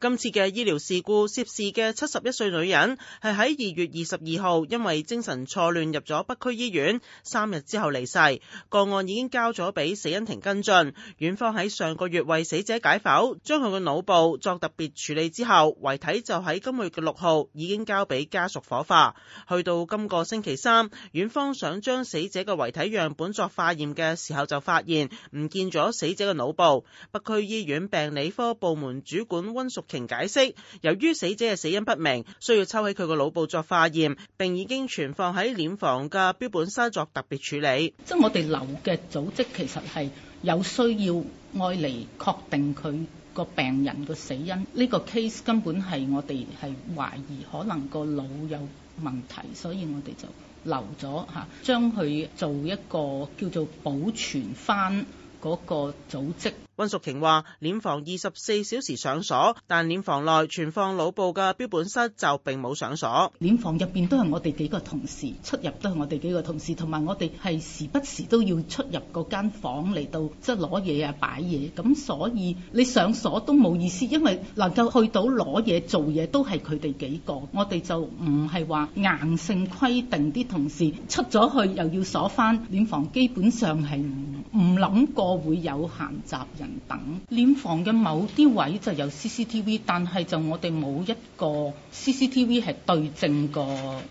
今次嘅醫療事故涉事嘅七十一歲女人，係喺二月二十二號因為精神錯亂入咗北區醫院，三日之後離世。個案已經交咗俾死因庭跟進。院方喺上個月為死者解剖，將佢嘅腦部作特別處理之後，遺體就喺今個月嘅六號已經交俾家屬火化。去到今個星期三，院方想將死者嘅遺體樣本作化驗嘅時候，就發現唔見咗死者嘅腦部。北區醫院病理科部門主管溫淑。佢解釋，由於死者嘅死因不明，需要抽起佢個腦部作化驗，並已經存放喺殮房嘅標本室作特別處理。即係我哋留嘅組織其實係有需要，愛嚟確定佢個病人個死因。呢個 case 根本係我哋係懷疑可能個腦有問題，所以我哋就留咗嚇，將佢做一個叫做保存翻。嗰個組織，溫淑瓊話，殮房二十四小時上鎖，但殮房內存放腦部嘅標本室就並冇上鎖。殮房入邊都係我哋幾個同事出入，都係我哋幾個同事，同埋我哋係時不時都要出入嗰間房嚟到即係攞嘢啊，擺嘢。咁所以你上鎖都冇意思，因為能夠去到攞嘢做嘢都係佢哋幾個，我哋就唔係話硬性規定啲同事出咗去又要鎖翻殮房，基本上係唔。唔諗過會有閒雜人等，殮房嘅某啲位就有 CCTV，但係就我哋冇一個 CCTV 係對正個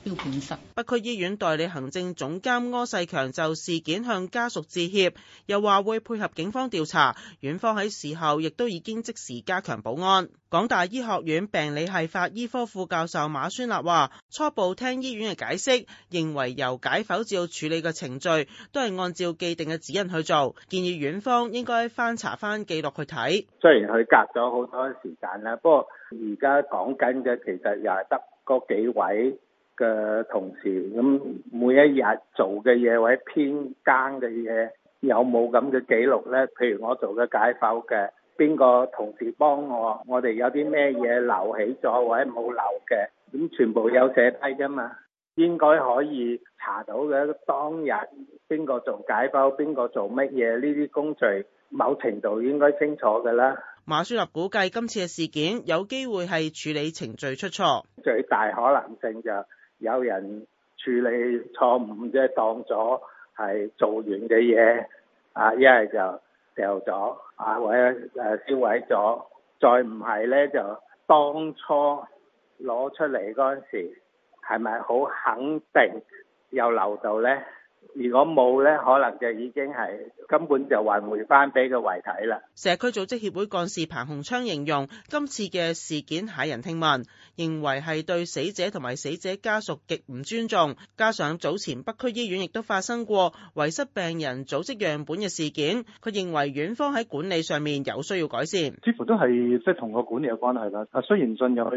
標本室。北區醫院代理行政總監柯世強就事件向家屬致歉，又話會配合警方調查。院方喺事後亦都已經即時加強保安。港大醫學院病理系法醫科副教授馬宣立話：初步聽醫院嘅解釋，認為由解剖照處理嘅程序都係按照既定嘅指引去做，建議院方應該翻查翻記錄去睇。雖然佢隔咗好多時間啦，不過而家講緊嘅其實又係得嗰幾位嘅同事咁，每一日做嘅嘢或者偏間嘅嘢有冇咁嘅記錄咧？譬如我做嘅解剖嘅。邊個同事幫我？我哋有啲咩嘢留起咗，或者冇留嘅，咁全部有寫低噶嘛，應該可以查到嘅。當日邊個做解剖，邊個做乜嘢，呢啲工序某程度應該清楚噶啦。馬宣立估計今次嘅事件有機會係處理程序出錯，最大可能性就有人處理錯誤，即係當咗係做完嘅嘢啊，一係就。掉咗啊，或者誒燒毀咗，再唔係咧，就當初攞出嚟嗰陣時係咪好肯定又漏到咧？如果冇咧，可能就已經係根本就還回翻俾個遺體啦。社區組織協會幹事彭洪昌形容今次嘅事件駭人聽聞，認為係對死者同埋死者家屬極唔尊重，加上早前北區醫院亦都發生過遺失病人組織樣本嘅事件，佢認為院方喺管理上面有需要改善，似乎都係即係同個管理有關係啦。啊，雖然進入個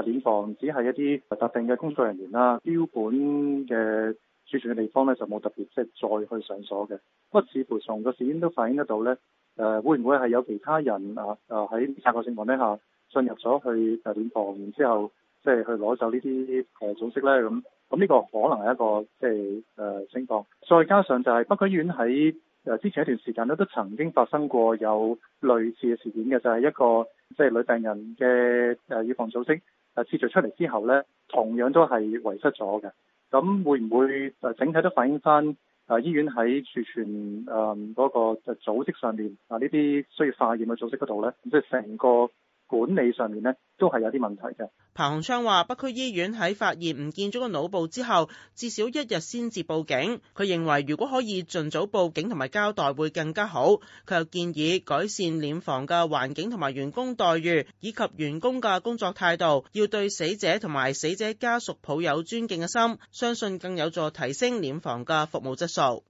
殮房只係一啲特定嘅工作人員啦，標本嘅。儲存嘅地方咧就冇特別，即係再去上鎖嘅。不過似乎從個事件都反映得到咧，誒、呃、會唔會係有其他人啊啊喺察覺情況之下進入咗去殮房，然之後即係去攞走呢啲誒組織咧？咁咁呢個可能係一個即係誒情況。再加上就係北區醫院喺誒之前一段時間咧都曾經發生過有類似嘅事件嘅，就係一個即係女病人嘅誒乳房組織誒切除出嚟之後咧，同樣都係遺失咗嘅。咁會唔會誒整體都反映翻誒、啊、醫院喺儲存誒嗰、嗯嗰個誒組織上面啊？呢啲需要化驗嘅組織嗰度咧，即係成個，管理上面呢，都係有啲問題嘅。彭雄昌話北區醫院喺發現唔見咗個腦部之後，至少一日先至報警。佢認為如果可以盡早報警同埋交代會更加好。佢又建議改善殮房嘅環境同埋員工待遇，以及員工嘅工作態度，要對死者同埋死者家屬抱有尊敬嘅心，相信更有助提升殮房嘅服務質素。